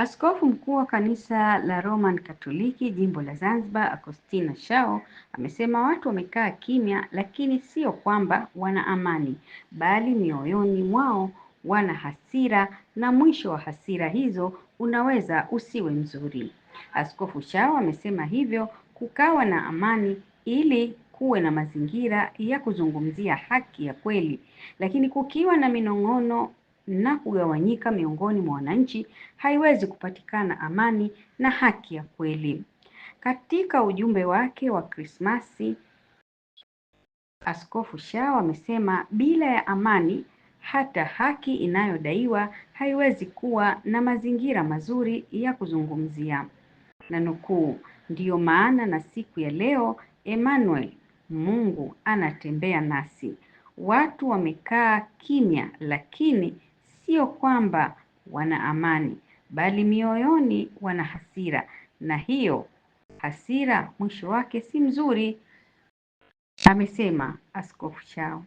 Askofu mkuu wa kanisa la Roman Katoliki jimbo la Zanzibar, agostina Shao amesema watu wamekaa kimya, lakini sio kwamba wana amani, bali mioyoni mwao wana hasira na mwisho wa hasira hizo unaweza usiwe mzuri. Askofu Shao amesema hivyo kukawa na amani ili kuwe na mazingira ya kuzungumzia haki ya kweli, lakini kukiwa na minong'ono na kugawanyika miongoni mwa wananchi, haiwezi kupatikana amani na haki ya kweli. Katika ujumbe wake wa Krismasi, Askofu Shao amesema bila ya amani hata haki inayodaiwa haiwezi kuwa na mazingira mazuri ya kuzungumzia. Na nukuu, ndiyo maana na siku ya leo Emmanuel, Mungu anatembea nasi. Watu wamekaa kimya, lakini sio kwamba wana amani, bali mioyoni wana hasira, na hiyo hasira mwisho wake si mzuri, amesema Askofu chao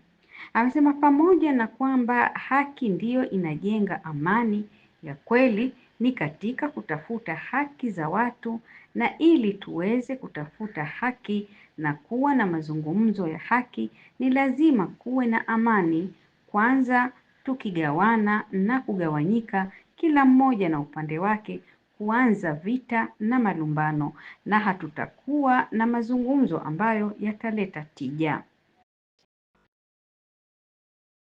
Amesema pamoja na kwamba haki ndiyo inajenga amani ya kweli, ni katika kutafuta haki za watu, na ili tuweze kutafuta haki na kuwa na mazungumzo ya haki, ni lazima kuwe na amani kwanza tukigawana na kugawanyika, kila mmoja na upande wake, kuanza vita na malumbano, na hatutakuwa na mazungumzo ambayo yataleta tija.